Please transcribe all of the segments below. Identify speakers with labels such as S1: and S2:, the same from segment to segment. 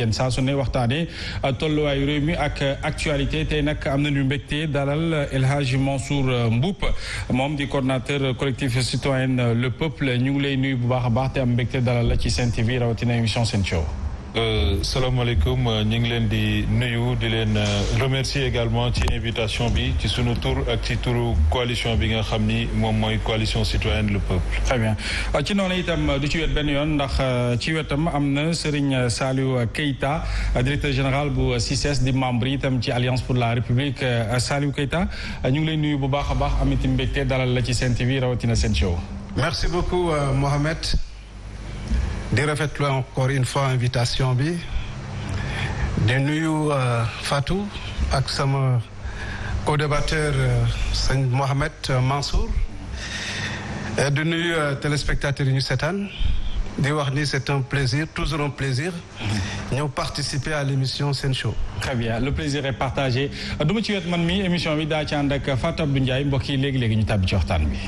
S1: yéen saa su ne waxtaanee euh, tolluwaayu réew mi ak euh, actualité tey nag am nañu mbégte dalal euh, El Hadji Mansour Mboup moom di coordonnateur collectif citoyen Le Peuple ñu ngi lay nuyu bu baax a te am mbégte dalal la ci Sen TV rawatina émission Sen Show
S2: Euh, salaamaaleykum euh, ñu ngi leen di nuyu di leen euh, remercier également ci invitation bi ci sunu tur ak ci turu coalition bi nga xam ni moom mooy coalition citoyenne le peuple. très
S1: bien ci noonu itam du ci wet benn yoon ndax ci wetam am na Serigne Saliou Keita directeur général bu CICES e di membre itam ci alliance pour la république Saliou Keita ñu ngi lay nuyu bu baax a baax am itam mbégte dalal la ci Sen TV rawatina Sen Show. merci
S3: beaucoup Mohamed. di rafetlu encore une fois invitation bi di nuyu euh, Fatou ak sama co-débatteur euh, sëñ Mohamed euh, Mansour di nuyu téléspectateurs yi ñu seetaan di wax ni c'est un plaisir toujours un plaisir ñëw
S1: participer à l'émission Sen Show. très bien le plaisir est partagé du ma ci wet man mi émission bi daa ci ànd ak Fatou Abdou Ndiaye mbokk yi léegi léegi ñu tàbbi ci waxtaan bi.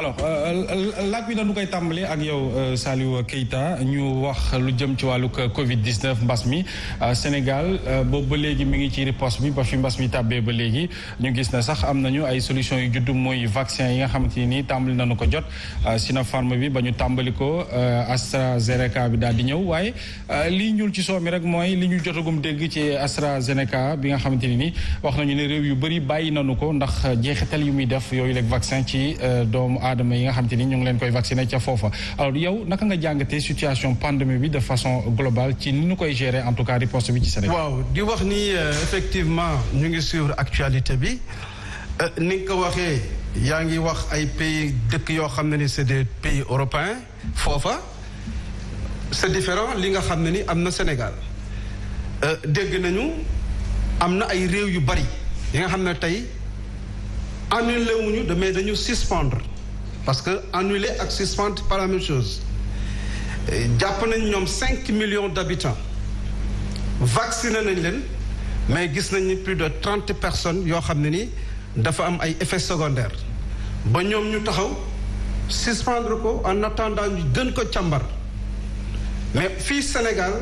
S1: alors euh, laaj bi dañu koy tàmbali ak yow euh, Saliou Keita ñu wax lu jëm ci wàllu Covid 19 mbas mi euh, Sénégal boobu léegi mu ngi ci riposte bi ba fi mbas mi tàbbee ba léegi ñu gis na sax am nañu ay solution yu juddu mooy vaccin yi nga xamante ne nii tàmbali nañu ko jot Sinopharm bi ba ñu tàmbali ko AstraZeneca bi daal di ñëw waaye lii ñuul ci soo mi rek mooy li ñu jotagum dégg ci AstraZeneca bi nga xamante ne nii wax nañu ne réew yu bëri bàyyi nañu ko ndax jeexital yu muy def yooyu leeg vaccin ci doomu aadama yi nga xam te ni ñu ngi leen koy vacciner ca foofa alors yow naka nga jàngatee situation pandémie koy gérer en tout cas riposte
S3: waaw di wax ni euh, effectivement ñu ngi suivre actualité bi euh, ni nga ko waxee yaa ngi wax ay pays dëkk yoo xam ne ni c'est de pays européens foofa c'est différent li nga xam ne ni am na Sénégal euh, dégg nañu am na ay réew yu bari yi nga xam ne tey annulé wuñu mais dañu suspendre parce que annuler ak suspendre pas chose jàpp nañ ñoom cinq millions d'habitants vacciné nañ leen mais gis nañ ni plus de trente personnes yoo xam ne ni dafa am ay effets secondaires ba ñoom ñu taxaw suspendre ko en attendant ñu gën ko càmbar mais fii Sénégal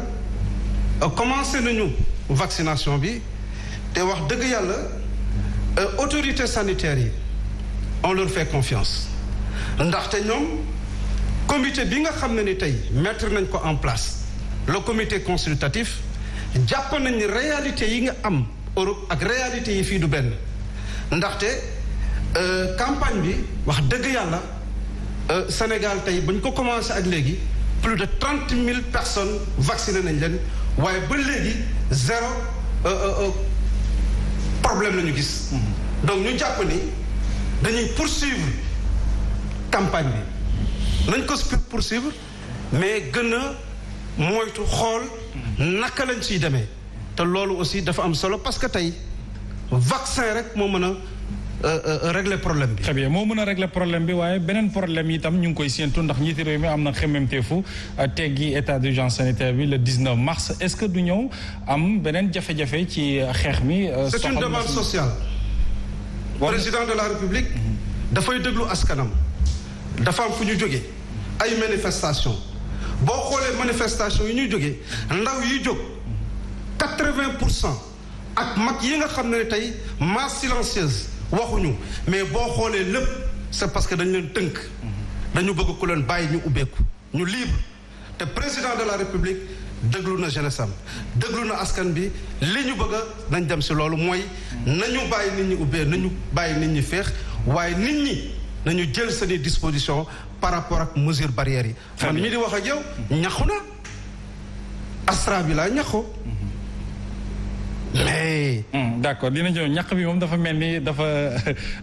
S3: commencé nañu vaccination bi te wax dëgg yàlla euh, autorité sanitaires yi on leur fait confiance ndaxte ñoom comité bi nga xam ne ni tey mettre nañ ko en place le comité consultatif jàpp nañ ni réalité yi nga am Europe ak réalité yi fii du benn ndaxte euh, campagne bi wax dëgg yàlla euh, Sénégal tey ba ñu ko commencé ak léegi plus de trente mille personnes vaccinées nañ leen waaye ba léegi zéro euh, problème la ñu gis mm-hmm. donc ñu jàpp ni dañuy poursuivre campagne bi nañ ko pour poursuivre mais gën a moytu xool nakk lañ siy demee te loolu
S1: aussi dafa am solo parce que tey vaccin rek moo mën a euh, euh, régler problème bi. très moo mën a régler problème bi waaye beneen problème itam ñu ngi koy séentu ndax njiitu réew mi am na xemmemteefu euh, teggi état d'urgence sanitaire bi le 19 mars est-ce que du ñëw am beneen jafe-jafe ci xeex mi. c'est une sociale.
S3: président de la république. Mhm. dafay déglu askanam. dafa am fu ñu jógee ay manifestation boo xoolee manifestation yi ñu jógee ndaw yi jóg quatre-vingt pour cent ak mag yi nga xam ne tey masse silencieuse waxuñu mais boo xoolee lépp c'est parce que dañu leen tënk dañu bëgg ku leen bàyyi ñu ubbeeku ñu libre te président de la république déglu na jeunesse am déglu na askan bi li ñu bëgg a nañ dem si loolu mooy nañu bàyyi nit ñi ubbee nañu bàyyi nit ñi féex waaye nit ñi nañu jël sa seeni disposition par rapport ak mesure barrière yi man mi di wax a yow ñaxu na astra bi laa ñaxu
S1: mais. Hmm, d' accord dina ñëw ñàkk bi moom dafa mel ni dafa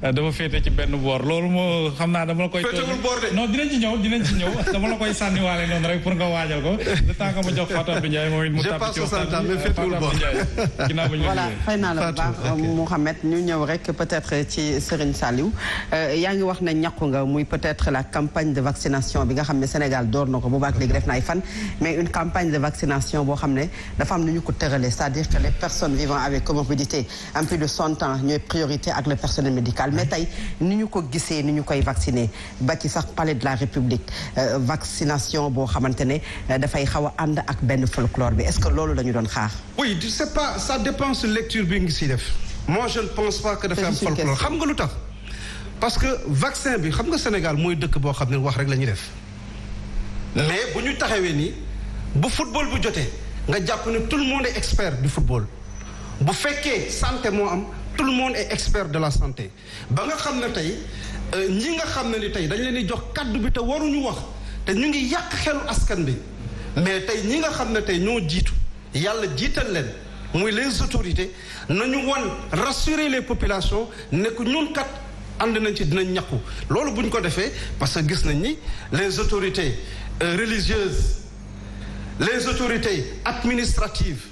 S1: dafa féete ci benn boor loolu moo xam naa dama la koy. féetewul boor de non ci ñëw dinañ ci ñëw dama la koy sànniwaale noonu rek pour nga waajal ko le temps que ma jox Fatou Abdou Ndiaye moom it mu tàbbi ci waxtaan bi Fatou naa la bu
S4: baax Mouhamed ñu ñëw rek peut-être ci Serigne Saliou euh, yaa ngi wax ne ñàkku nga muy peut-être la campagne de vaccination bi nga xam ne Sénégal door na ko boobaak léegi def na ay fan mais une campagne de vaccination boo xam ne dafa am nu ñu ko tëralee cest à personnes vivant avec comorbidité am plus de cent ans ñooy priorité ak le personnel médical mais tey ni ñu ko gisee ni ñu koy vacciner ba ci sax palais de la république euh, vaccination boo xamante ne euh, dafay xaw a ànd ak benn folklore bi est-ce que loolu la doon xaar.
S3: oui c'est pas ça dépend sur lecture bi ngi siy def. moi je ne pense pas que dafay am folklore xam nga lu tax. parce que vaccin bi xam nga Sénégal mooy dëkk boo xam ne wax rek la ñuy def mais bu ñu taxawee ni bu football jotee nga jàpp ne tout le monde est expert du bu fekkee santé moo am tout le monde est expert de la santé ba nga xam ne tey euh, ñi nga xam ne ni tey dañ leen di jox kàddu bi te waruñu wax te ñu ngi yàq xelu askan bi mais tey ñi nga xam ne tey ñoo jiitu yàlla jiital leen muy les autorités nañu wan rassurer les populations nekk ñun kat ànd nañ ci dinañ ñàkku loolu buñ ko defee parce que gis nañ ni les autorités euh, religieuses les autorités administratives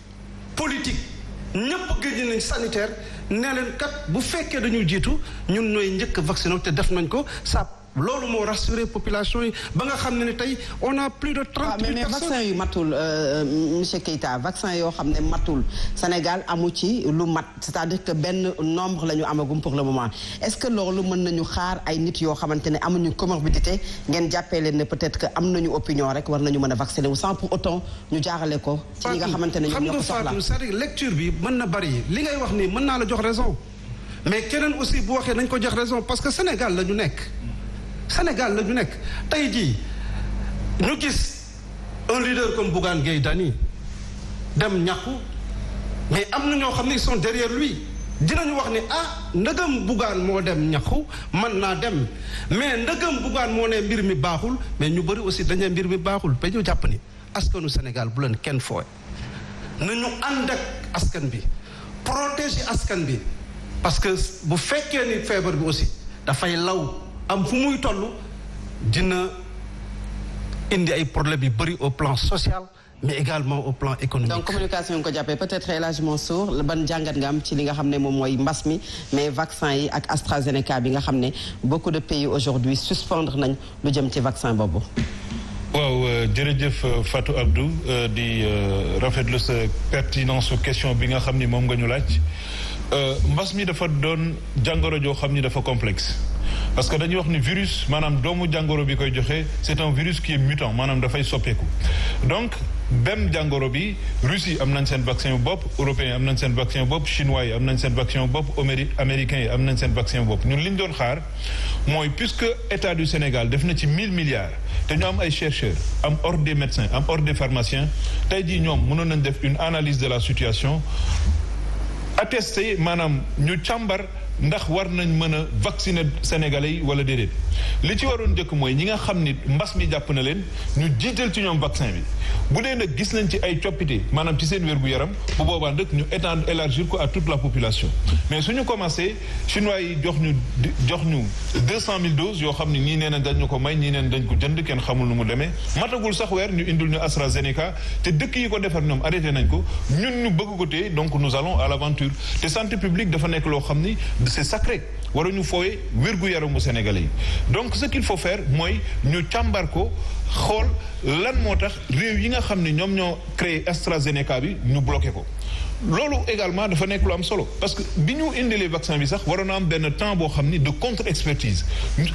S3: politiques ñëpp génn nañ sanitaire leen kat bu fekkee dañu jiitu ñun nooy njëkk vacciné te def nañ ko sa loolu moo rassuré population yi ba nga xam ne ne tey a plus de
S2: trente mille ah, personnes
S4: mais vaccin yu matul euh, euh, monsieur Keita vaccin yoo xam ne matul Sénégal amu ci lu mat c'est-à-dire que benn nombre la ñu amagum pour le moment est-ce que loolu mën na ñu xaar ay nit yoo xamante ne amuñu comorbidité ngeen jàppee leen ne peut-être que am nañu opinion rek war nañu mën a vacciner wu sans pour autant ñu jaarale ko ci ñi nga xamante ne ñoo ko soxla
S3: cest lecture bi mën na bari li ngay wax nii mën naa la jox raison mais keneen aussi bu waxee nañ ko jox raison parce que Sénégal la ñu nekk Sénégal la nekk tey jii ñu gis un leader comme Bougane Gueye Dany dem ñaxu mais am na ñoo xam ne ils sont derrière lui dinañu wax ne ah ndëgëm Bougane moo dem ñàkku man naa dem mais ndëgëm Bougane moo ne mbir mi baaxul mais ñu bëri aussi dañu mbir mi baaxul ba ñu jàpp ni askanu Sénégal bu leen kenn fooy nañu ànd ak askan bi protéger askan bi parce que bu fekkee ni feebar bi aussi dafay law am fu muy toll dina indi ay problèmes yu bari au plan social mais également au plan économique. donc
S4: communication ko jàppee peut-être El Hadj Mansour ban jàngat nga am ci li nga xam ne moom mooy mbas mi mais vaccin yi ak AstraZeneca bi nga xam ne beaucoup de pays aujourd'hui suspendre nañ lu jëm ci vaccin boobu.
S2: waaw euh, jërëjëf euh, Fatou Abdou euh, di rafetlu sa pertinence su question bi nga xam ni moom nga ñu laaj mbas mi dafa doon jàngoro joo xam ni dafa complexe. parce que dañuy wax ni virus maanaam doomu jàngoro bi koy joxe c'est un virus qui est mutant maanaam dafay soppeeku donc benn jàngoro bi Russie am nañ seen vaccin bopp européens yi am nañ seen vaccin bopp chinois yi am nañ seen vaccin bopp américains yi am nañ seen vaccin bopp ñun li ñu doon xaar mooy puisque état du Sénégal def na ci mille milliards te ñu am ay chercheurs am ordre des médecins am ordre des pharmaciens tey jii ñoom mënoon nañ def une analyse la situation attester maanaam ñu càmbar ndax war nañ mën a vacciner sénégalais yi wala déedéet li ci waroon njëkk mooy ñi nga xam ni mbas mi jàpp na leen ñu jiital ci ñoom vaccin bi bu dee nag gis nañ ci ay coppite maanaam ci seen wér-gu-yaram bu boobaa nag ñu étendre élargir ko ak toute la population mais su ñu commencé chinois yi jox ñu jox ñu deux cent mille doses yoo xam ne ñii nee nañ dañ ñu ko may ñi neen dañ ko jënd kenn xamul nu mu demee matagul sax weer ñu indul ñu AstraZeneca te dëkk yi ko defar ñoom arrêté nañ ko ñun ñu bëgg ko téye donc nous allons à te santé publique dafa nekk loo xam ni c'est sacré waruñu fooye wér-gu-yaramu Sénégalais yi donc ce qu'il faut faire mooy ñu càmbar ko xool lan moo tax réew yi nga xam ne ñoom ñoo créé AstraZeneca bi ñu bloqué ko loolu également dafa nekk lu am solo parce que bi ñu indilee vaccin bi sax waroon na am benn temps boo xam ni de contre expertise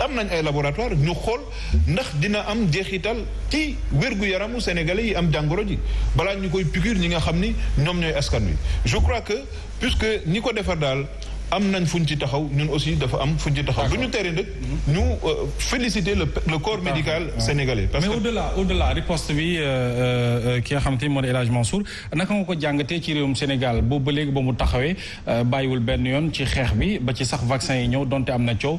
S2: am nañ ay laboratoire ñu xool ndax dina am jeexital ci wér-gu-yaramu sénégalais yi am jàngoro ji balaa ñu koy piqûre ñi nga xam ni ñoom ñooy askan wi je crois que puisque ñi ko defar daal am nañ fuñ ci taxaw ñun aussi dafa am fuñ ci taxaw. du ñu tere nag ñu euh, féliciter le le corps médical sénégalais. parce que mais au delà au delà euh,
S1: euh, ki nga xamante ni moo di El Hadj naka nga ko jàngatee ci réewum Sénégal boobu ba léegi ba mu taxawee bàyyiwul benn yoon ci xeex bi ba ci sax vaccin yi ñëw donte am na coow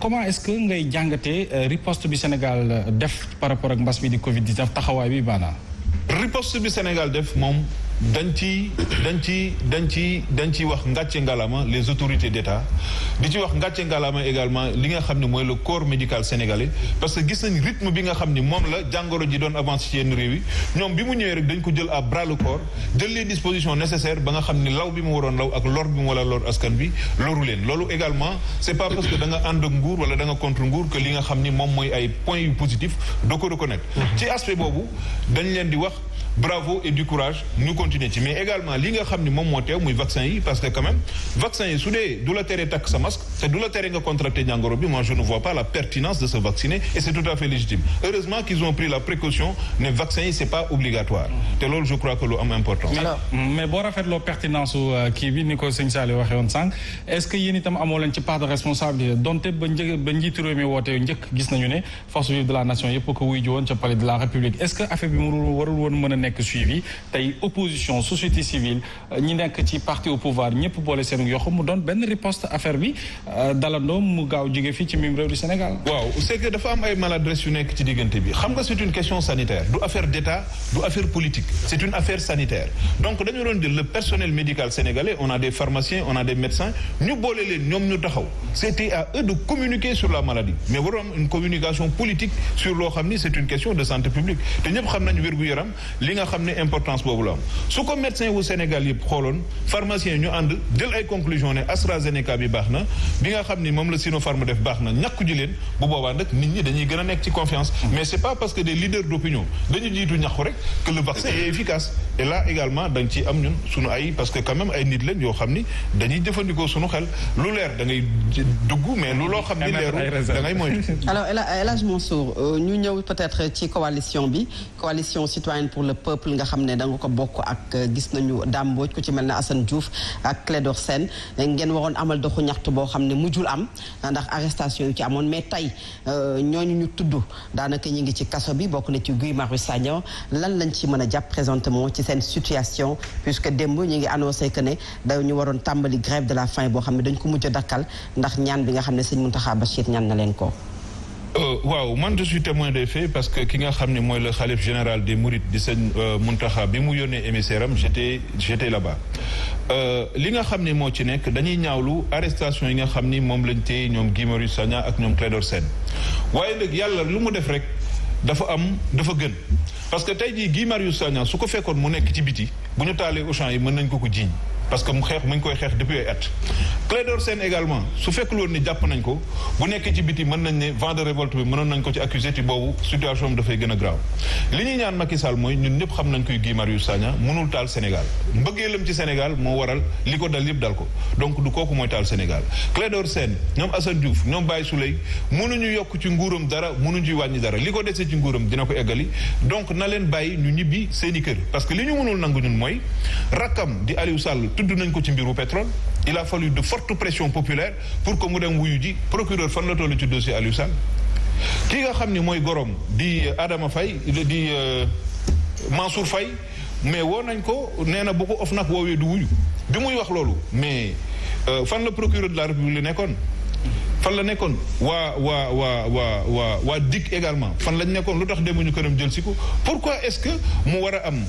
S1: comment est-ce jàngatee riposte bi Sénégal def par rapport ak mbas mi di Covid 19
S2: taxawaay bi baanaan. riposte bi Sénégal def moom. dañ ci dañ ci dañ ci dañ ci wax ngàcce ngalama les autorités d'État di ci wax ngàcce ngalama également li nga xam ne mooy le corps médical sénégalais parce que gis nañ rythme bi nga xam ni moom la jàngoro ji doon avancé ci yenn réew yi ñoom bi mu ñëwee rek dañ ko jël à bras le corps jël leen dispositions nécessaire ba nga xam ni law bi mu waroon law ak lor bi mu wala lor askan bi loru leen loolu également c'est pas parce que da nga nguur wala da nga contre nguur li nga xam ni moom mooy ay points yu positif doo ko reconnaître mm-hmm. ci aspect boobu di wax bravo et du courage ñu continuer ci mais également li nga xam ni moom moo teew muy vaccin yi parce que quand même vaccin yi su dee du la teree takk sa te du la tere nga contracté jàngoro bi moi je ne vois pas la pertinence de se vacciner et c'est tout à fait légitime heureusement qu'ils ont pris la précaution ne vaccin c'est pas obligatoire te loolu je crois que lu am importance
S1: mais boo rafetloo pertinence euh, kii bi ni ko sëñ Saliou waxee woon sànq est-ce que yéen itam amoo leen ci part de responsabilité donte ba një ba njiitu réew mi njëkk gis nañu ne force vive de la nation yëpp ko wuy ji woon ca palais de la ci parti au ñëpp boole seen yoxu mu doon benn riposte Euh, dalandoo mu gaaw jóge
S2: fii ci mim réew di Sénégal. waaw c'est que dafa ay maladresse yu nekk ci diggante bi xam nga c'est une question sanitaire du affaire d'État du affaire politique c'est une affaire sanitaire donc dañu doon jël le personnel médical sénégalais on a des pharmaciens on a des médecins ñu boole leen ñoom ñu taxaw c'était à communiquer sur la maladie mais waroon une communication politique sur loo xam ni c'est une question de santé publique te ñëpp xam nañu wér-gu-yaram li nga xam ne importance boobu la am su ko médecin wu yëpp xooloon pharmacien ñu ànd jël ay conclusions ne AstraZeneca bi baax na bi nga xam ni moom la Sinopharm def baax na ñàkku ji leen bu boobaa nag nit ñi dañuy gën a nekk ci confiance mm. mais c'est pas parce que des leaders d'opinion dañu jiitu ñaxu rek que le ay parce que quand même ay nit leen yoo xam ni dañuy jëfandikoo xel lu leer da ngay dugg mais lu loo xam ni leeru da ngay moytu
S4: alors El Hadj Mansour euh, ñu ñëw peut-être ci coalition bi coalition citoyenne pour le peuple ne da nga ko bokk ak euh, gis nañu Dame Mbodj ku ci mel ne Assane Diouf ak Clédor Sène ngeen waroon amal doxu ñaxtu boo xam ne mujjul am ndax arrestation yu ci amoon mais tey euh, ñooñu ñu tudd daanaka ñu ngi ci kaso bi bokk na ci Guy Marius Sagna lan lañ ci mën a jàpp présentement ci seen situation puisque démb ñu ngi annoncé que ne dañu waroon tàmbali grève de la faim boo xam ne dañ ko mujj dakkal ndax ñaan bi nga xam ne sëñ Mountakha Bachir ñan na leen ko
S2: Euh, waaw man je suis témoin des faits parce que ki nga xam ne mooy le xalif général de Mourides di sëñ euh, Muntaxa bi mu yónnee émissaire am j'étais j'étais là-bas euh, li nga xam ne moo ci nekk dañuy ñaawlu arrestation yi nga xam ni moom lañ téye ñoom Guy Marius Sagna ak ñoom Clédor seen waaye nag yàlla lu mu def rek dafa am dafa gën parce que tey jii Guy Marius Sagna su ko fekkoon mu nekk ci biti bu ñu taalee Auchan yi mën nañ ko ko jiiñ parce que mu xeex mu ngi koy xeex depuis ay at. Clédor Sène également su fekkuloon ni jàpp nañ ko bu nekkee ci biti mën nañ ne vent de révolte bi mënoon nañ ko ci accuser ci boobu situation bi dafay gën a grave. li ñuy ñaan Macky Sall mooy ñun ñëpp xam nañ koy Guy Marius Sagna mënul taal Sénégal mbëggeelam ci Sénégal moo waral li ko dal yëpp dal ko donc du kooku mooy taal Sénégal. Clédor seen ñoom Assane Diouf ñoom Baye Souley mënuñu yokk ci nguuram dara mënuñu ci wàññi dara li ko desee ci nguuram dina ko eggali donc na leen bàyyi ñu ñibbi seeni kër parce que li ñu mënul nangu ñun mooy rakkam di Aliou Sall tudd nañ ko ci mbiru pétrole il a fallu de forte pression populaire pour que mu dem wuyu ji procureur fan la tollu ci dossier Aliou Sall ki nga xam ni mooy gorom di euh, Adama Faye di euh, Mansour fay mais woo nañ ko nee na bu ko of nag woowee du wuyu bi muy wax loolu mais euh, fan la procureur de la république nekkoon fan la nekkoon waa waa waa waa waa waa dikk également fan lañ nekkoon lu tax demuñu këram jël si ko pourquoi est-ce que mu war a am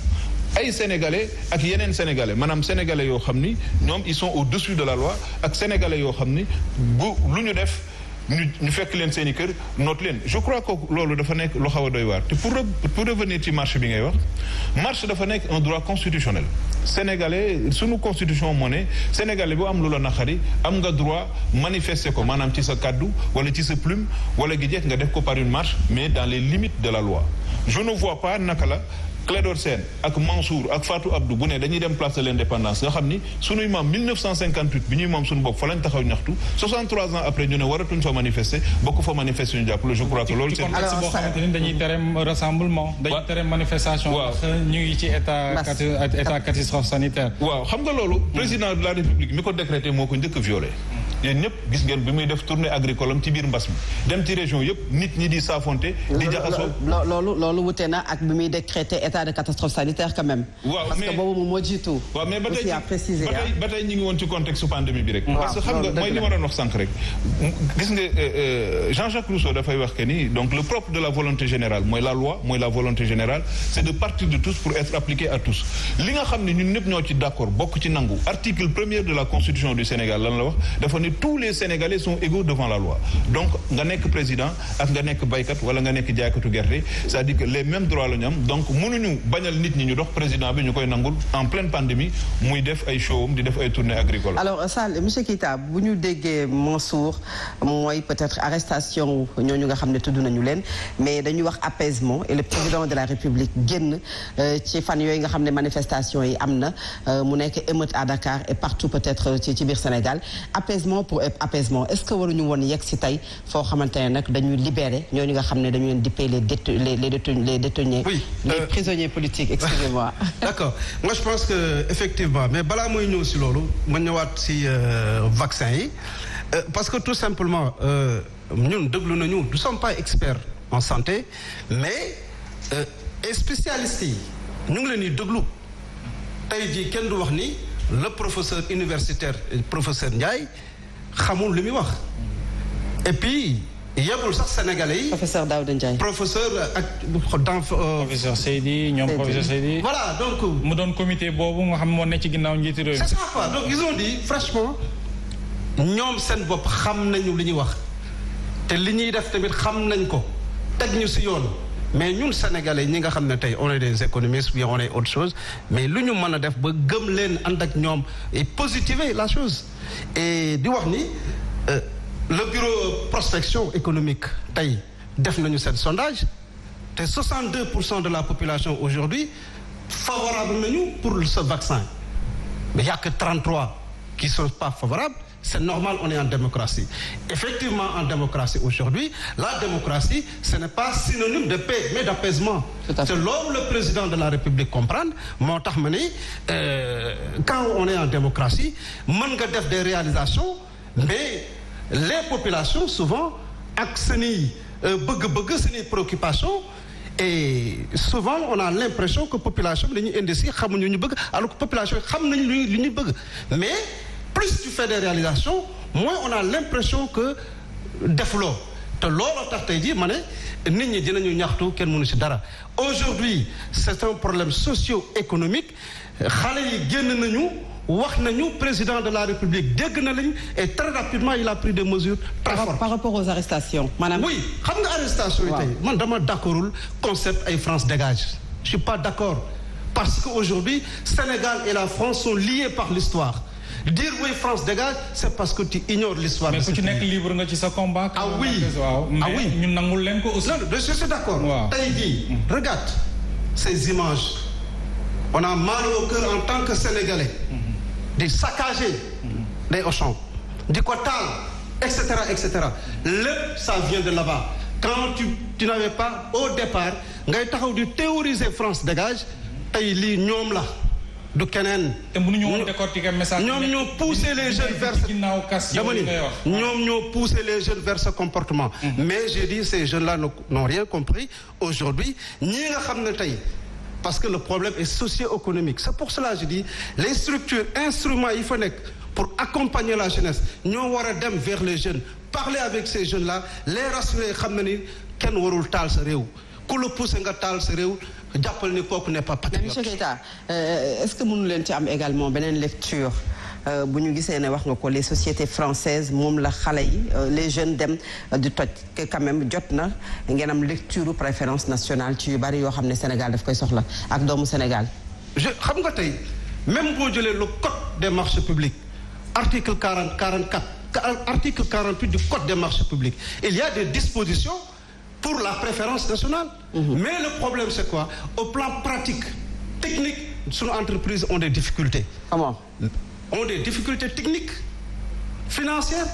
S2: ay sénégalais ak yeneen sénégalais maanaam sénégalais yoo xam ni ñoom ils sont au-dessus de la loi ak sénégalais yoo xam ni bu lu ñu def ñu ñu fekk leen seen i kër noot leen je crois que loolu dafa nekk lu xaw a doy waar pour pour revenir ci marche bi ngay wax marché dafa nekk un droit constitutionnel sénégalais sunu constitution moo ne sénégalais bu am lu la naqari am nga droit manifester ko maanaam ci sa kàddu wala ci sa plume wala gi jeex nga def ko par une marche mais dans les limites de la loi je ne naka la Clédor Sène ak Mansour ak Fatou Abdou bu ne dañuy dem place de l'indépendance nga xam ni sunuy maam bi ñuy maam suñu bopp fa lañ taxaw ñaxtu ans après ñu ne waratuñ fa manifester bokk fa manifester ñu jàppale je crois que loolu. alors
S1: dañuy tere rassemblement. dañuy tere
S2: manifestation. waaw ñu ngi ci état. état sanitaire. waaw xam nga loolu. président de la république mi ko décrété moo ko njëkk a yéen ñëpp gis ngeen bi muy def tournée agricole ci biir mbas mi dem ci région yëpp nit ñi di saafonte di jaxasoo
S4: loolu wute na ak bi muy décréter état de catastrophe sanitaire quand parce que
S2: boobu moom moo jiitu mais ba tey ba ngi woon ci contexte su pandémie bi rek parce que xam nga mooy li ma doon wax sànq rek gis nga euh, euh, Jean-Jacques Rousseau dafay wax que ni donc le propre de la volonté générale mooy la loi mooy la volonté générale c'est de ne tous les Sénégalais sont égaux devant la loi donc nga nekk président ak nga nekk baykat wala nga nekk jaaykatu gerte c'est-à-dire que les mêmes droits la ñu am donc mënuñu bañal nit ñi ñu dox président bi ñu koy nangul en pleine pandémie muy def ay showam di def ay tournée agricole alors
S4: Sall monsieur Keita bu ñu déggee Mansour mooy peut-être arrestation ñoo ñu nga xam ne tudd nañu leen mais dañuy wax apaisement et le président de la République génn euh, ci fan yooyu nga xam ne manifestation yi am na euh, mu nekk émeute à Dakar et partout peut euh, ci ci biir Sénégal apaisement apaisement pour apaisement est-ce que ñu woon yegg si tey foo xamante ne nag dañuy ñoo ñooñu nga xam ne dañu leen dippee les détenus les détenus les détenus euh, les prisonniers politiques
S3: excusez-moi d'accord moi je pense que effectivement mais balaa mooy ñëw si loolu ma ñëwaat si euh, vaccin yi euh, parce que tout simplement ñun déglu nañu nous sommes pas experts en santé mais spécialistes yi ñu ngi leen di déglu tey jii kenn du wax ni le professeur universitaire professeur Ndiaye xamul li muy wax et puis yebul sax sénégalais yi. professeur Daouda Ndiaye. professeur euh, ak dans. Euh, professeur
S1: Seydi ñoom professeur Seydi. voilà donc. Euh, mu doon comité boobu nga xam moo ne ci ginnaaw njiitu réew. c'est ça quoi donc ñoom seen bopp xam nañu li ñuy wax
S3: te li ñuy def tamit xam nañ ko teg ñu si yoon. mais ñun sénégalais ñi nga xam ne tey on des économistes bien on est autre chose mais lu ñu mën a def ba gëm leen ànd ak ñoom et positiver la chose et di wax ni euh, le bureau prospection économique tey def nañu seen sondage te 62 pour cent de la population aujourd'hui favorable nañu pour ce vaccin mais il y a qui sont pas favorables C'est normal, on est en démocratie. Effectivement, en démocratie aujourd'hui, la démocratie, ce n'est pas synonyme de paix, mais d'apaisement. C'est l'homme le président de la République comprendre. moo tax ma ni euh, quand on est en démocratie mën nga def des réalisations mais les populations souvent ak seeni euh, bëgg-bëgg seeni préoccupation et souvent on a l'impression que population bi dañuy indi si xamuñu ñu bëgg alors que population yi xam nañu lu ñuy bëgg mais plus tu fais des réalisations moins on a l'impression que defuloo te looloo tax tey jii ma ne nit ñi dinañu ñaxtu kenn mënu ci dara aujourd'hui c'est un problème socio-économique xale yi nañu wax nañu président de la république dégg na lañ et très rapidement il a pris des mesures très fortes par rapport nga arrestation yi tey man dama d'accordul concept ay France dégage je suis pas d'accord parce que aujourd'hui Sénégal et la France sont liés par l'histoire dire oui France dégage c'est parce que tu ignores l'histoire mais ku ah nekk libre nga ci sa combat. ah oui ah oui ñun nangul leen ko aussi. non je suis d'accord. waaw tey jii mm. regarde ces images on a mal en tant que sénégalais. di saccager. day Auchan di ko taal et cetera et cetera lépp ça vient de là-bas quand tu tu n'avais pas au départ ngay taxaw di théoriser France dégage tey lii ñoom la. du keneen. te mënuñu woon décortiquer message. ñoom ñoo pousser les jeunes vers. ginnaaw kas dama ni ñoom ñoo pousser les jeunes vers ce comportement. Mhm. mais j'ai dit ces jeunes là n'ont rien compris aujourd'hui ñii nga xam na tey. parce que le problème est socio-économique c'est pour cela je dis les structures instruments yi fa nekk pour accompagner la jeunesse ñoo war a dem vers les jeunes parler avec ces jeunes là les rassurer xam na ni kenn warul taal sa réew ku la poussé nga taal sa réew jàppal ni kooku n'est pas
S4: euh, leen ci am également beneen lecture euh, bu ñu gisee ne wax nga ko les sociétés françaises moom la xale yi euh, les jeunes dem di toj que quand jot na ngeen am lecture préférence nationale ci yu bari yoo xam ne Sénégal daf koy soxla ak doomu Sénégal.
S3: je xam nga tey même boo jëlee le code des marchés publics article quarante quarante quatre article quarante huit il y a des pour la préférence nationale. Mmh. Mais le problème c'est quoi? Au plan pratique, technique, sunu entreprise ont des difficultés. Comment? Ont des difficultés technique financières.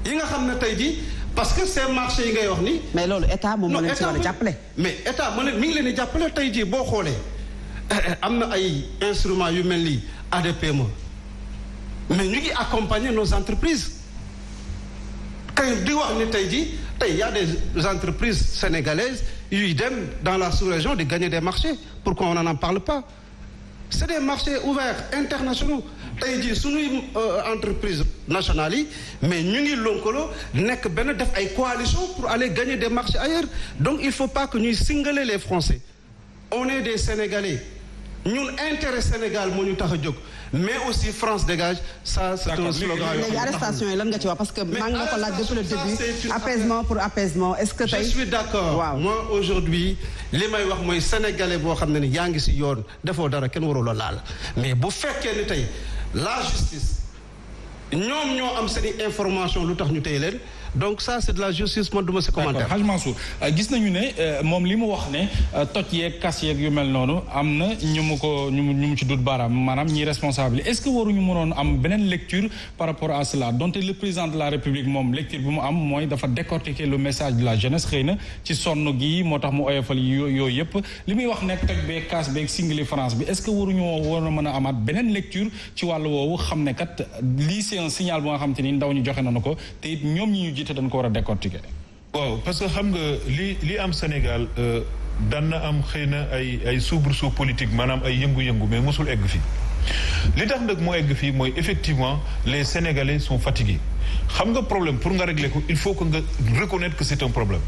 S3: yi nga xam ne tey jii parce que ces marchés yi ngay wax ni mais loolu état moom moo leen ci war a jàppale. mais état mu ne mi ngi jàppale tey jii boo xoolee eh, eh, am na ay instruments yu mel ni ADPME mais ñu ngi accompagner nos entreprises kay di wax ni tey jii. tey y des entreprises sénégalaises yuy dem dans la sous-région di gagner des marchés pourquoi on n'en parle pas c'est des marchés ouverts internationaux tey jii suñuy euh, entreprise nationales yi mais ñu ngi lëkkaloo nekk benn def ay coalition pour aller gagner des marchés ailleurs donc il faut pas que ñuy singaler les Français on est des Sénégalais ñun intérêt Sénégal moo ñu tax a jóg mais aussi France dégage ça c'est un slogan léegi arrestation
S4: yi lan nga ci wax parce que maa ngi la ko laaj depuis le début apaisement pour apaisement est-ce que tey je
S3: suis d'accord waaw moi aujourd'hui li may wax mooy sénégalais boo xam ne ni yaa ngi si yoon defoo dara kenn warul la laal mais bu fekkee ni tey la justice ñoom ñoo am seen information lu tax ñu tey leen donc ça c'est de la
S1: justice man du ma si commentaire. Haj euh, gis nañu ne euh, moom li mu wax ne euh, toj yeeg kas yeeg yu mel noonu am na ñu mu ko ñu ñu mu ci dut baaraam maanaam ñi responsable est que waruñu mënoon am beneen lecture par rapport à cela donte le la république moom lecture bi mu am mooy dafa décortiquer le message de la jeunesse xëy na ci sonn gi moo tax mu oyofal yooyu yëpp li muy wax nekk toj beeg kas beeg singli France bi est-ce que waruñu waroon a mën a amaat beneen lecture ci wàllu woowu xam ne kat lii c'est un signal bu nga xam te ni ndaw ñu joxe nañu ko te it ñoom ñi ji te dañ ko war a décortiquer.
S2: waaw parce que xam nga li li am Sénégal euh, daan na am xëy na ay ay soubresaut politique maanaam ay yëngu-yëngu mais mosul egg fii. li tax nag moo egg fii mooy effectivement les sénégalais sont fatigués xam nga problème pour nga régler ko il faut que nga reconnaître que c'est un problème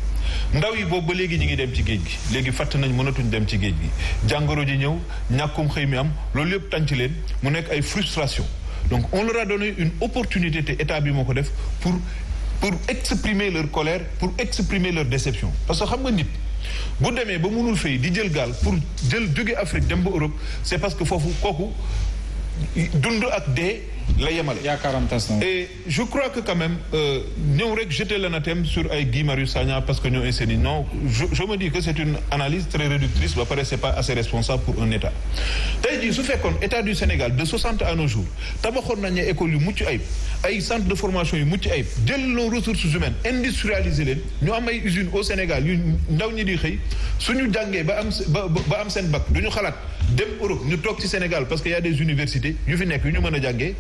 S2: ndaw yi boobu ba léegi ñu ngi dem ci géej gi léegi fàtt nañ mënatuñ dem ci géej gi jàngoro ji ñëw ñàkkum xëy mi am loolu yëpp ci leen mu nekk ay frustration donc état bi moo ko def pour exprimer leur colère pour exprimer leur déception parce que xam nga nit bu demee ba mënul fay di jël gaal pour jël jóge Afrique dem ba Europe c'est parce que foofu kooku dund ak dee la yemale. yaakaaram tas na et je crois que quand même euh, ñëw rek jeter l'anathème sur ay Guy Marius Sagna parce que ñoo inséni non je je me dis que c'est ba pare c'est pas assez responsable pour un état tey fekkoon état du Sénégal de 60 à nos jours tabaxoon nañu ne yu mucc ayib ay centres de formation yu mucc ayib jël loo ressources humaines industrialiser leen ñu am ay usines au Sénégal yu ndaw ñi di xëy suñu jàngee ba am ba am seen bac du ñu xalaat dem Europe ñu toog ci Sénégal parce que y des universités yu fi nekk yu ñu mën a jàngee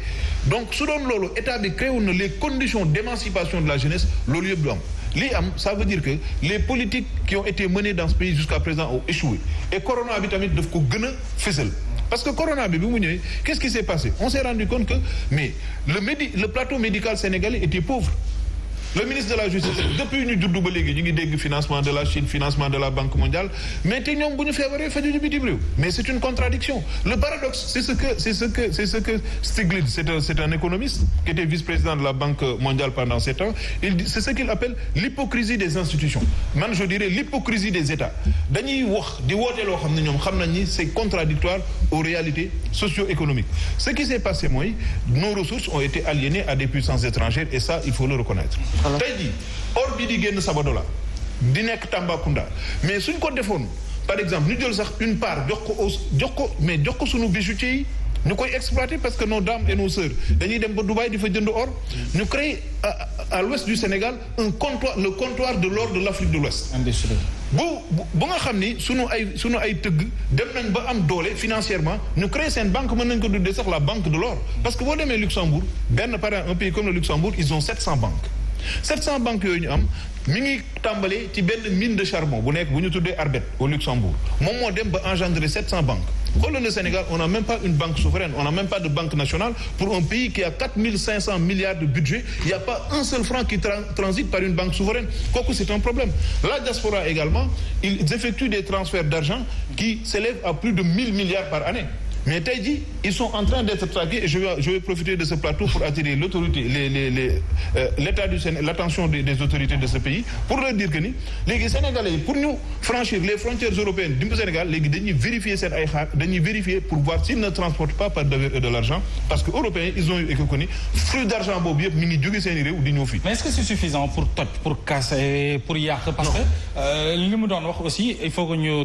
S2: donc su doon loolu état bi créé na les conditions d'émancipation de la jeunesse loolu yëpp du am lii am ça veut dire que les politiques qui ont été menées dans ce pays jusqu'à présent ont échoué et corona bi tamit daf ko gën a fësal parce que corona bi bi ñëwee qu'est-ce qui s'est passé on s'est rendu compte que mais le le plateau médical sénégalais était pauvre le ministre de la justice depuis ñu juddu ba léegi ñu ngi dégg financement de la Chine financement de la Banque mondiale mais te ñoom bu ñu feebaree faju ñu bitim mais c'est une contradiction le paradoxe c'est ce qu'il appelle l'hypocrisie des institutions man je dirais l'hypocrisie des États dañuy wax di woote loo xam ne ñoom xam nañ ni c'est contradictoire aux réalités socio-économiques ce qui s'est passé mooy nos ressources ont été aliénées à des puissances étrangères et ça il faut le tey jii or bi di génn Sabadola di nekk Tambacounda mais suñ ko defoon par exemple ñu jël sax une part jox ko jox ko mais jox ko suñu bijoutier yi ñu koy exploiter parce que nos dames et nos sœurs dañuy dem ba Dubaï di fa jënd or ñu créer à, à l'ouest du Sénégal un comptoir le comptoir de l'or de l'Afrique de l'Ouest bu bu nga xam ni sunu ay sunu ay tëgg dem nañ ba am doole financièrement ñu créer seen banque mën nañ ko tuddee sax la banque de l'or parce 700 banques yooyu ñu am mi ngi tàmbale ci benn mine de charbon bu nekk bu ñu tuddee Arbet au Luxembourg moom moo dem ba engendrer 700 banques xoolal Sénégal on n'a même pas une banque souveraine on n'a même pas de banque nationale pour un pays qui a milliards de budget il n'y a pas un seul franc qui transite par une banque souveraine kooku c'est un problème la diaspora également ils effectuent des transferts d'argent qui s'élèvent à plus de 1000 Mais Taïdi, ils sont en train d'être traqués et je vais, profiter de ce plateau pour attirer l'autorité, l'État les, les, euh, l'attention des, des, autorités de ce pays pour leur dire que ni, les Sénégalais, pour nous franchir les frontières européennes du Sénégal, les Guinéens vérifier cette vérifier pour voir s'ils ne transportent pas par de l'argent parce que Européens, ils ont eu et flux d'argent bobier, mini du Sénégalais ou du ci ci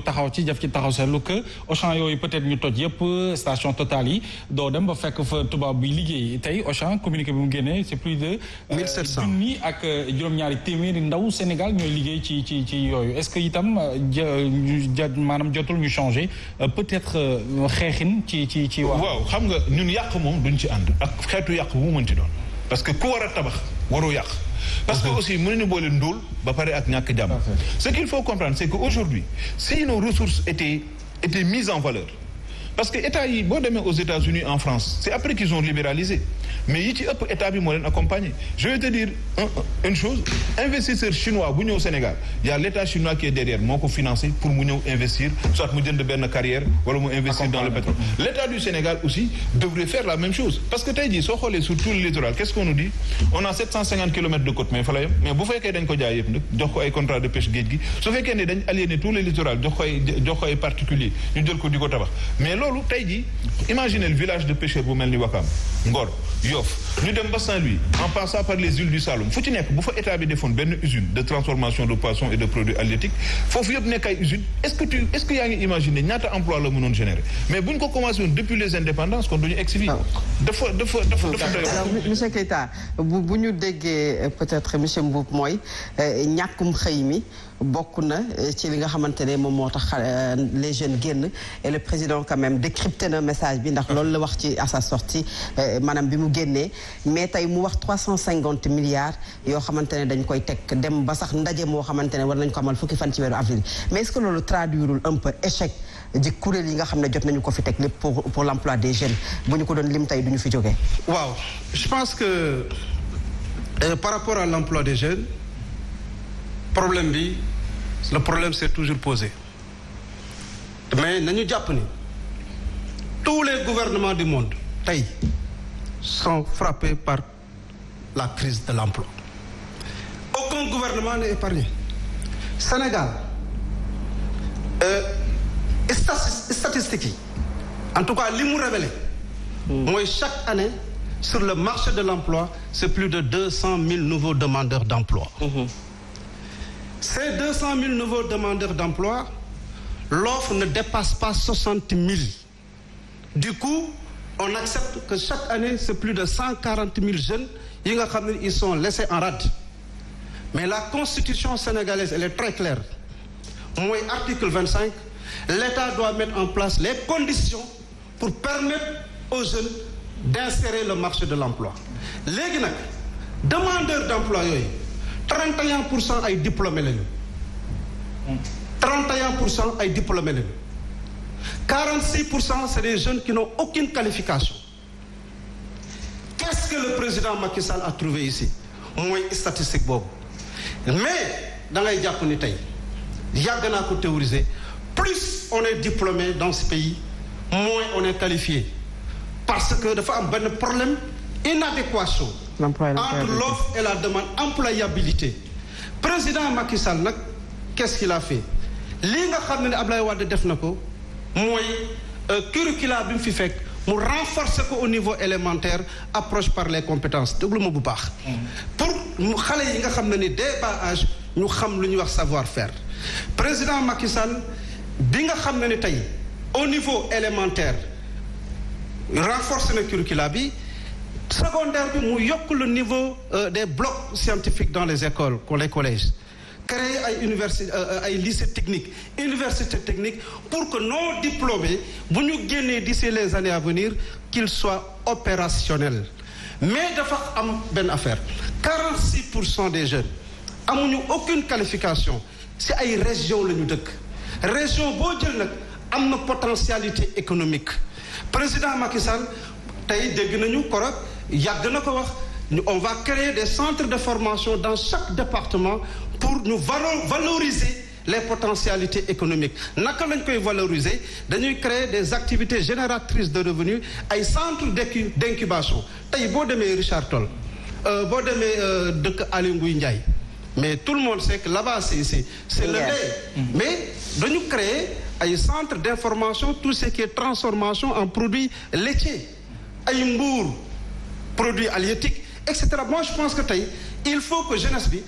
S1: taxaw que au champ peut-être ñu station Total yi doo dem ba fekk fa tubaab bi liggéey tey Auchan communiqué bi mu génnee c'est plus de. 1700 euh, junni ak euh, juróom-ñaari téeméeri ndaw Sénégal ñooy liggéey ci ci ci yooyu est-ce que itam euh, ja maanaam jotul ñu changer
S2: peut-être xeexin ci ci ci. waaw xam nga ñun yàq moom duñ ci ànd ak xeetu yàq bu mu mën ci doon. parce que ku war a tabax waroo yàq. parce que aussi mënuñu boole ndóol ba pare ak ñàkk jàmm. ce qu'il faut comprendre c'est que aujourd'hui si nos parce que état yi boo demee aux États-Unis en France c'est après qu'ils ont libéralisé mais yi ci ëpp état bi moo leen accompagner je vais te dire une chose investisseur chinois bu ñëw Sénégal y a chinois qui est moo ko financé pour mu ñëw investir soit mu jënd benn carrière wala mu investir dans le pétrole l' état du Sénégal aussi devrait faire la même chose parce que tey ji soo xoolee sur tout le littoral qu'est-ce qu'on nous dit on a 750 kilomètres de côte mais bu fekkee dañ ko jaay yëpp nag jox ko ay contrat de pêche géej gi loolu tey jii imaginez le village bu mel ni Wakaam Ngor Yoff ñu dem ba saint en passant par les îles du Saloum fu ci nekk bu fa état bi defoon benn usine de transformation de poissons et de produits halieutiques foofu yëpp nekk ay est-ce que tu est-ce que yaa ngi imaginer ñaata emploi la mënoon générer mais bu ñu ko commencé woon depuis les indépendances kon duñu egsi fii ah. dafa dafa dafa dafa doy
S4: alors bu bu ñu déggee peut-être monsieur Mboup mooy euh, ñàkkum xëy mi bokk na eh, ci li nga xamante ne moom moo tax eh, les jeunes génn et le président quand même décrypté na message bi ndax loolu la wax ci à sa sortie eh, maanaam bi mu génnee mais tey mu wax 350 milliards yoo xamante ne dañ koy teg dem ba sax ndaje moo xamante ne war nañ ko amal fukki fan ci weeru avril mais est loolu traduirul un peu échec ji kuréel yi nga xam ne jot nañu ko fi teg lépp pour pour l'emploi des jeunes bu ñu ko doon lim tey du ñu fi jógee.
S3: waaw je pense que euh, par problème bi le problème s'est toujours posé mais nañu jàpp ni tous les gouvernements du monde tey sont frappés par la crise de l'emploi aucun gouvernement n'est épargne Sénégal euh, statistiques yi en tout cas li mu révélé mooy chaque année sur le marché de l'emploi c'est plus de deux cent mille nouveaux demandeurs d'emploi mmh. Ces 200 000 nouveaux demandeurs d'emploi, l'offre ne dépasse pas 60 000. Du coup, on accepte que chaque année, c'est plus de 140 000 jeunes, ils sont laissés en rade. Mais la constitution sénégalaise, elle est très claire. Moi, article 25, l'État doit mettre en place les conditions pour permettre aux jeunes d'insérer le marché de l'emploi. Les demandeurs d'emploi, 31 pour cent ay diplômé lañu. 31 hmm. pour cent ay diplômé lañu. 46 pour cent c'est des jeunes qui n'ont aucune qualification. qu'est-ce que le président Macky Sall a trouvé ici mooy statistique boobu mais da ngay jàpp ni tey yàgg naa ko théoriser plus on est diplômé dans ce pays moins on est qualifié parce que dafa am benn problème inadéquation.
S4: entre l'offre
S3: et la demande employabilité président Macky Sall nag qu'est-ce qu'il fait lii nga xam ne Ablaye Wade def na ko mooy euh, curricula bi mu fi fekk mu renforcer ko au niveau élémentaire approche par les compétences déglu ma bu baax pour mu xale yi nga xam ne ni dès bas âge ñu xam lu ñuy wax savoir-faire président Macky bi nga xam ne ni tey au niveau élémentaire renforcer na curricula bi secondaire bi mu yokk le niveau euh, des blocs scientifiques dans les écoles ou les collèges créer ay université euh, ay lycée technique université technique pour que nos diplômés bu ñu génnee d'ici les années à venir qu'ils soient opérationnels mais dafa am benn affaire 46 pour cent des jeunes amuñu aucune qualification si ay région la ñu dëkk région boo jël nag am na potentialité économique président Macky Sall tey dégg nañu korok yàgg na ko wax on va créer des centres de formation dans chaque département pour ñu valoriser les potentialités économiques naka lañ koy valoriser dañuy créer des activités génératrices de revenus ay centres d'incubation tey boo demee Richard Toll euh, boo demee euh, dëkk Aly Ngouille Ndiaye mais tout le monde sait que là-bas c'est c'est le lait mm. mais dañu créer ay centres d'information tout ce qui est transformation en produit laitiers ay mbuur produits halieutiques et cetera moi je que tey il faut que jeunesse bi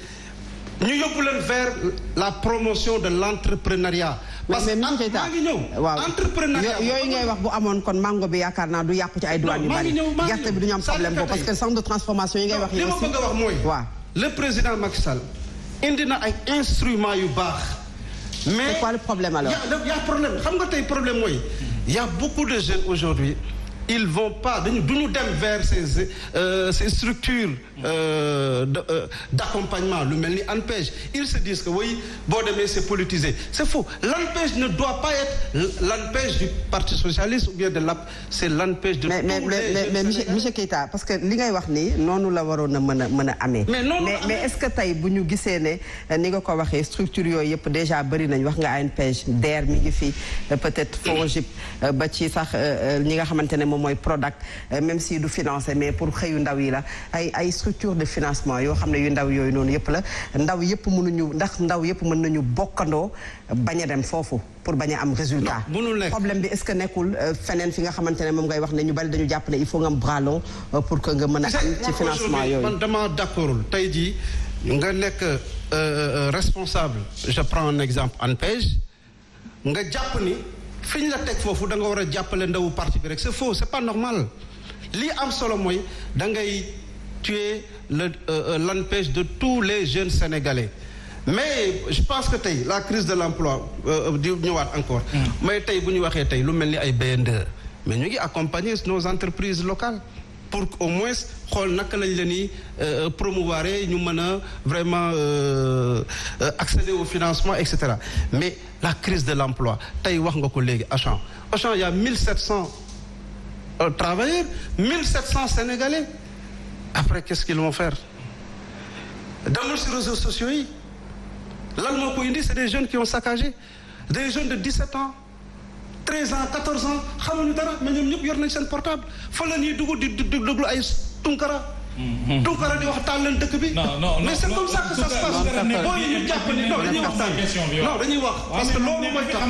S3: ñu yóbbu leen vers la promotion de l' entrepreneuriat. parce que maa ngi ñëw waaw entrepreneuriat
S4: yooyu ngay wax bu amoon kon mango bi yaakaar naa du yàqu ci ay douane yu bari gerte bi du ñu am problème boobu parce que centre de transformation yi ngay wax. yi
S3: aussi li ma indi na ay instruments yu baax. mais
S4: c'est quoi le problème
S3: alors. y' problème xam nga tey problème mooy y' a beaucoup de jeunes aujourd'hui ils vont pas dañu du ñu dem vers ces euh, ces structures euh, euh, d'accompagnement lu mel ni ANPEJ ils se disent que boo demee c'est politisé c'est faux l'ANPEJ ne doit pas être l'ANPEJ du parti socialiste ou bien de l'AP c'est l'ANPEJ de mais mais mais
S4: monsieur Keita parce que li ngay wax nii noonu la waroon a mën a mën a amee mais est-ce que tey bu ñu gisee ne ni nga ko waxee structure yooyu yëpp déjà bëri nañ wax nga ANPEJ DER mi ngi fi peut-être FONGIP ba ci sax ñi nga xamante ne moom moom mooy Prodac euh, même si du financé mais pour xëyu ndaw yi la ay ay structure de financement yoo xam ne yu ndaw yooyu noonu yëpp la ndaw yëpp mënuñu ndax ndaw yëpp mën nañu bokkandoo bañ a dem foofu pour bañ a am résultat problème bi est-ce que nekkul euh, feneen fi nga xamante ne moom ngay wax ne ñu bari dañu jàpp ne il faut nga am bras long euh, mën a am ci financement yooyu man
S3: dama d'accordul tey jii nga nekk responsable je prends un exemple ANPEJ nga jàpp ni fi ñu la teg foofu da nga war a jàppale ndawu parti bi rek c'est faux c'est pas normal li am solo mooy da ngay tuer le euh, euh, l'ANPEJ de tous les jeunes sénégalais mais je pense que tey la crise de l'emploi euh, di ñëwaat encore mm. mais tey bu ñuy waxee tey lu mel ni ay BND mais ñu ngi accompagner nos entreprises locales pour au moins xool naka lañ leen di euh, promouvoir ñu mën a vraiment euh, euh, accéder au financement et cetera mais la crise de l'emploi tey wax nga ko léegi Auchan Auchan y a 1700 travailleurs 1700 sénégalais après qu'est-ce qu'ils vont faire damul si réseaux sociaux yi la moo ko indi c'est des jeunes qui ont saccagé des jeunes de dix 17 ans treize ans quatorze ans xamuñu dara mais ñoom ñëpp yor nañ seen portable fa la ñuy dugg di déglu ay tunkara Tounkara mm-hmm. di wax taal leen dëkk bi. non non mais c'est comme ça que ça se passe. booy ñu jàpp ne non dañuy wax non dañuy wax. parce que loolu mooy tax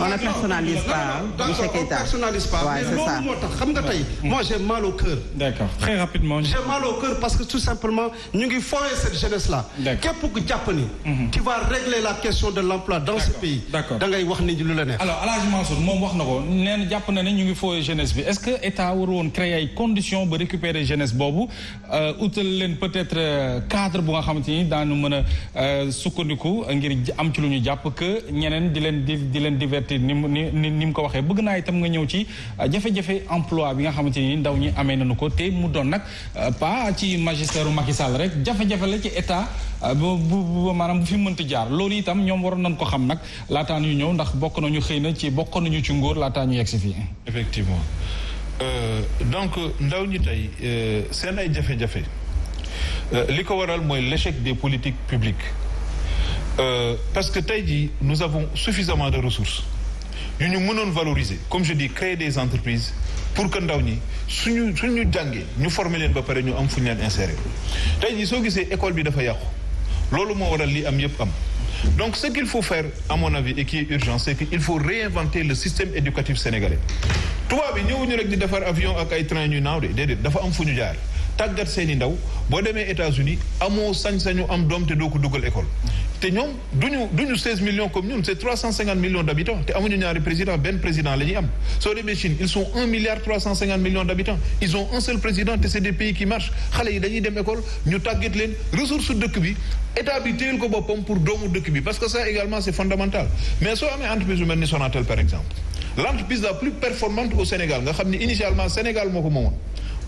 S3: on ne personnalise pas. monsieur Keita on ne personnalise pas mais loolu moo tax xam nga tey. moi j'ai mal au cœur. d'accord très rapidement. j'ai mal au cœur parce que tout simplement ñu ngi foyee cette jeunesse là. képp ku jàpp ni. tu mm-hmm. vas régler la question de l'emploi dans ce pays. d'accord da ngay wax nit ñi lu la neex. alors
S1: El Hadj Mansour moom wax na ko nee na jàpp na ne ñu ngi foyee jeunesse bi est-ce que état waroon créer ay conditions ba récupérer jeunesse boobu. Euh, utal leen peut-être euh, cadre bu nga xamante ni daanu mën a euh, sukkandiku ngir am ci lu ñu jàpp que ñeneen di leen di di leen divertir ni mu ni ni mu ko waxee bëgg naa itam nga ñëw ci jafe-jafe emploi bi nga xamante ni ndaw ñi amee nañu ko te mu doon nag pas ci magistère Macky Sall rek jafe-jafe la ci état bu bu maanaam bu fi mënti jaar loolu itam ñoom waroon nañ ko xam nag laataan ñu ñëw ndax bokk nañu xëy na ci bokk nañu ci ngóor laataa
S2: ñu yegg si fii. effectivement. Euh, donc ndaw ñi tey euh, seen ay jafe-jafe euh, li ko waral mooy l'échec des politiques publiques euh, parce que tey jii nous avons suffisamment de ressources yu ñu mënoon valoriser comme je dis créer des entreprises pour que ndaw ñi suñu ñu jàngee ñu former leen ba pare ñu am fu ñu leen insérer tey jii soo gisee école bi dafa yàqu loolu moo waral li am yépp am Donc ce qu'il faut faire, à mon avis, et qui est urgent, c'est qu'il faut réinventer le système éducatif sénégalais. tubaab bi ñëwuñu rek di defar avion ak ay train ñu naaw de déedéet dafa am fu ñu jaar tàggat seeni ndaw boo demee États-Unis amoo sañ-sañu am doom te doo ko dugal école. te ñoom du ñu du ñu 16 millions comme ñun c' est 350 millions d' te amuñu ñaari président benn président la am soo demee Chine ils sont 1 milliard 350 millions ils ont un seul président te c' est pays qui marchent xale yi dañuy dem école ñu tàggat leen ressource dëkk bi état bi téyel ko boppam pour doomu dëkk bi parce que ça également c' est fondamental mais soo amee entreprise ni Sonatel par exemple moo ko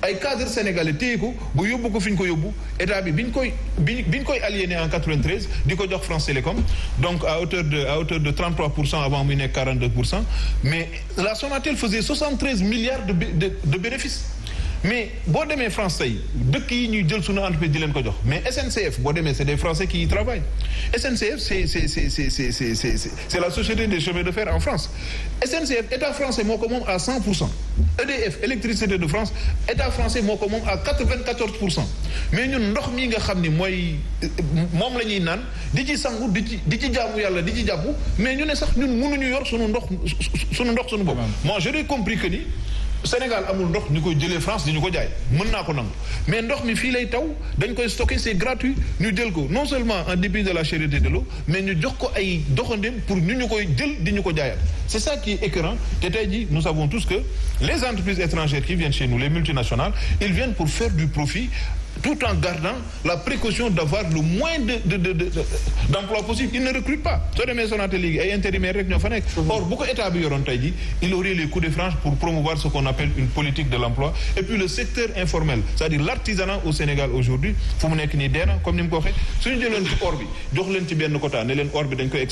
S2: ay cadre sénégalais téye ko bu yóbbu ko fi ñu ko yóbbu état bi bi ñu koy bi bi ñu koy aliéné en di ko jox France Télécom donc a hauteur de à hauteur de 33 pour cent avant muy nekk 42 pour cent mais la Sonatel faisait 73 milliards de de de bénéfices. mais boo demee France tey dëkk yi ñuy jël suñu entreprise di leen ko jox mais SNCF boo demee c'est des Français qui y travaillent SNCF c'est c'est c'est c'est c'est c'est c'est la société des chemins de fer en France SNCF état français moo ko moom à 100 pour cent EDF électricité de France état français moo ko moom à 94 pour cent mais ñun ndox mi nga xam ni mooy moom la ñuy naan di ci sangu di ci di ci jaamu yàlla di ci jàpp mais ñu ne sax ñun mënuñu yor suñu ndox suñu ndox suñu bopp moi j'ai compris que ni Sénégal amul ndox ñu koy jëlee France di ñu ko jaay mën naa ko nangu mais ndox mi fii lay taw dañ koy stocké c'est gratuit ñu jël ko non seulement en dépit de la cherté de l'eau mais ñu jox ko ay doxandéem pour ñu ñu koy jël di ñu ko jaayal c'est ça qui est écœurant te tey jii nous savons tous que les entreprises étrangères qui viennent chez nous les multinationales ils viennent pour faire du profit tout en gardant la précaution d'avoir le moins de de de de d'emplois possible il ne recrute pas soo demee Sonatel léegi ay intérimaires rek ñoo fa nekk. Mm-hmm. or bu ko état bi yoroon tey jii il aurait les coups de franche pour promouvoir ce qu'on appelle une politique de l'emploi et le secteur informel c'est-à-dire l'artisanat au Sénégal aujourd'hui fu mu nekk nii dee comme ni mu ko waxee suñu jëloon ci or jox leen ci benn quota ne leen or dañ ko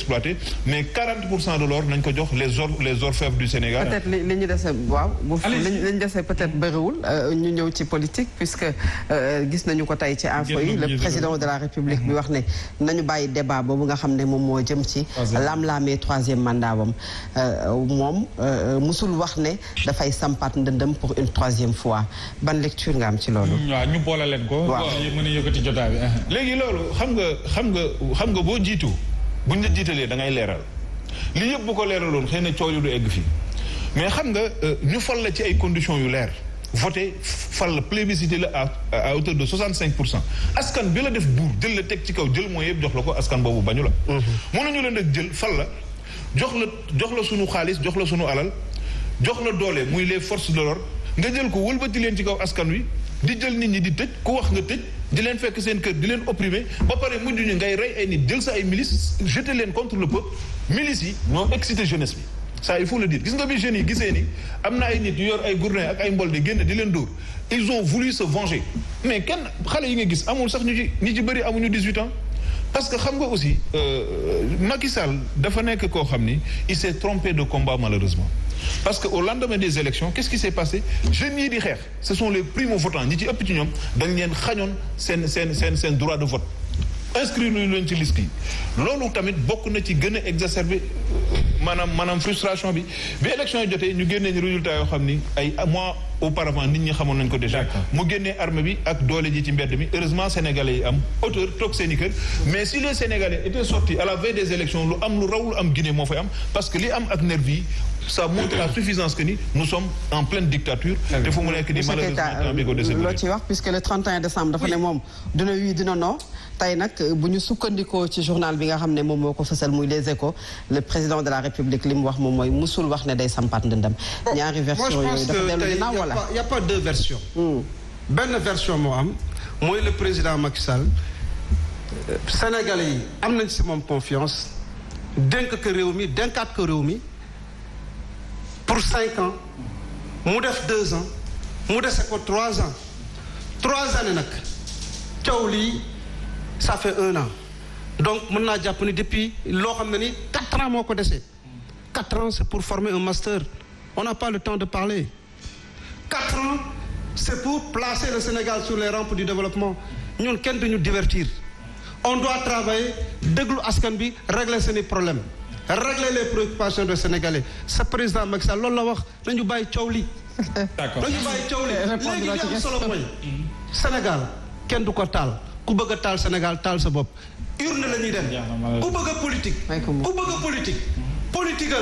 S4: jox gis nañu ko tey ci info yi le président de la république bi wax ne nañu bàyyi débat boobu nga xam ne moom moo jëm ci laam-laamee troisième mandat bam euh, euh, moom euh, mosul wax ne dafay sampaat ndëndëm pour une troisième fois ban lecture nga am ci loolu mm,
S1: waaw ñu boola leen ko waaw mën a yëkkati jotaa bi eh, eh.
S2: léegi loolu xam nga xam nga xam nga boo jiitu buñ la jiitalee da ngay leeral li yëpp bu ko leeraloon xëy na coow yu du egg fi mais xam nga ñu fal la ci ay conditions yu leer voté fal la plébiscité la à à hauteur de 65 pour cent askan bi la def buur jël la teg ci kaw jël mooy yëpp jox la ko askan boobu bañu la. moo mhm. ñu leen a jël fal la jox la jox la suñu xaalis jox la sunu alal jox la doole muy les force de l'ordre nga jël ko wëlbati leen ci kaw askan wi di jël nit ñi di tëj ku wax nga tëj. di leen fekk seen kër di leen opprimer ba pare mujj ñu ngay rey ay nit jël sa ay milices jeter leen contre le peuple milices yi ñoo excité jeunesse bi. saa il faut le dire gis nga bi jeunes yi gisee ni am na ay nit yu yor ay gourdin ak ay mbol di génn di leen dóor ils ont voulu se venger mais kenn xale yi nga gis amul sax ñu ci ñi ci bëri amuñu 18 ans parce que xam nga aussi euh, Macky Sall dafa nekk koo xam ni il s'est trompé de combat malheureusement parce que au lendemain des élections qu'est-ce qui s'est passé yi di xeex ce sont les primo-votants ñi ci ëpp ci ñoom dañ leen xañoon seen seen seen seen droit de vote inscrire lu leen ci liste yi loolu tamit bokk na ci gën a bi maanaam maanaam frustration bi bi élection yi jotee ñu génnee résultat yoo xam ni ay mois auparavant nit ñi xamoon nañ ko déjà mu génnee arme bi ak doole ji ci mbedd mi heureusement sénégalais yi am auteur toog seen i kër mais si les sénégalais étaient sortis à la veille des élections lu am lu raw lu am Guinée moo fay am parce que li am ak nervi yi ça montre la ni nous sommes en pleine dictature ah te fu mu nekk ni malheureusement euh, loo ci
S4: wax puisque le 31 décembre dafa ne moom dina oui dina non tey nag euh, bu ñu sukkandikoo ci journal bi nga xam ne moom moo ko fësal muy les échos voilà
S3: y' a pas deux versions. Hmm. benn version moo am mooy le président Macky Sall Sénégalais yi am nañ si moom confiance dénk ko réew mi dénkaat ko réew mi pour cinq ans mu def deux ans mu dese ko trois ans trois années nag coow lii ça fait un an donc mun naa jàpp ni depuis loo xam ne ni quatre ans moo ko dese quatre ans c'est pour former un master on n'a pas le temps de parler quatre ans c'est pour placer le Sénégal sur les rampes du développement ñun kenn duñu divertir on doit travailler déglu askan bi régler seeni problèmes régler les préoccupations des Sénégalais sa président Macky Sall loolu la wax nañu bàyyi coow li
S1: dañu bàyyi coow li léegi li am solo mooy
S3: Sénégal kenn du ko taal ku bëgg a taal Sénégal taal sa bopp urne la ñuy dem ku bëgg a politique ku bëgg a politique politique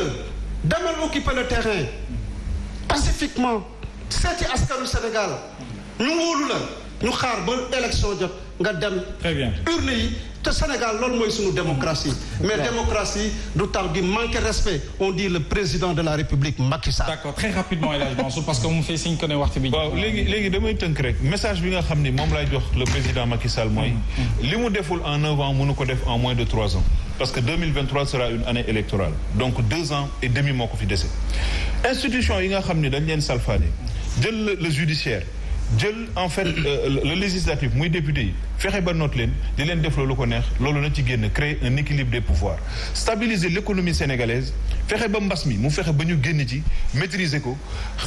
S3: demal occuper le terrain mm. pacifiquement seeti askanu Sénégal ñu wóolu la ñu xaar ba élection jot nga dem. très bien urne yi te Sénégal loolu mooy suñu démocratie. mais démocratie du tax di manquer respect on dit le président de la république Macky Sall. d'
S2: accord très rapidement El Hadj Mansour parce que mu fay siñ ko ne waxtu bi. waaw léegi léegi damay xam ni moom laay jox le président Macky mooy. Mm-hmm, mm-hmm. li mu deful en neuf ans mënu ko def en moins de trois ans. parce que 2023 sera une année électorale donc deux ans et demi moo ko fi dese institution yi nga xam ni dañ leen salfaane. jël le, le judiciaire jël en fait euh, le législatif muy député yi fexe ba noot leen di leen def loolu ko neex loolu na ci génn créer un équilibre des pouvoirs stabiliser l'économie sénégalaise fexe ba mbas mi mu fexe ba ñu génn ci maitriser ko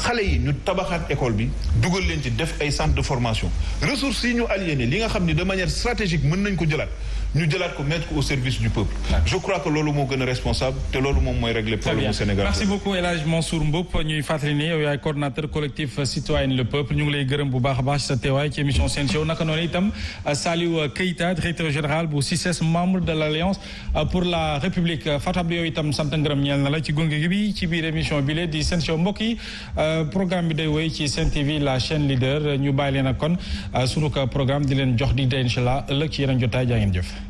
S2: xale yi ñu tabaxaat école bi dugal leen ci def ay centre de formation ressources yi ñu aliéné li nga xam ni de manière stratégique mën nañ ko jëlaat ñu jëlaat ko mettre ko au service du peuple. je crois que loolu moo gën a responsable te loolu moom mooy régler problème mu Sénégal. merci
S1: beaucoup El Hadj Mansour Mboup ñuy fàttali ne yow ñu ngi lay gërëm bu baax a baax sa teewaay ci émission Sen Show naka noonu itam euh, Saliou Keita directeur général bu CICES membre de l' euh, pour la république euh, fatab yow itam sant ngërëm ñeel na la ci gunge gi bi ci biir émission bi lee di Sen Show yi programme bi day woy ci Sen TV la chaîne leader ñu bàyyi leen ak kon sunu programme di leen jox di day incha allah ëllëg ci yeneen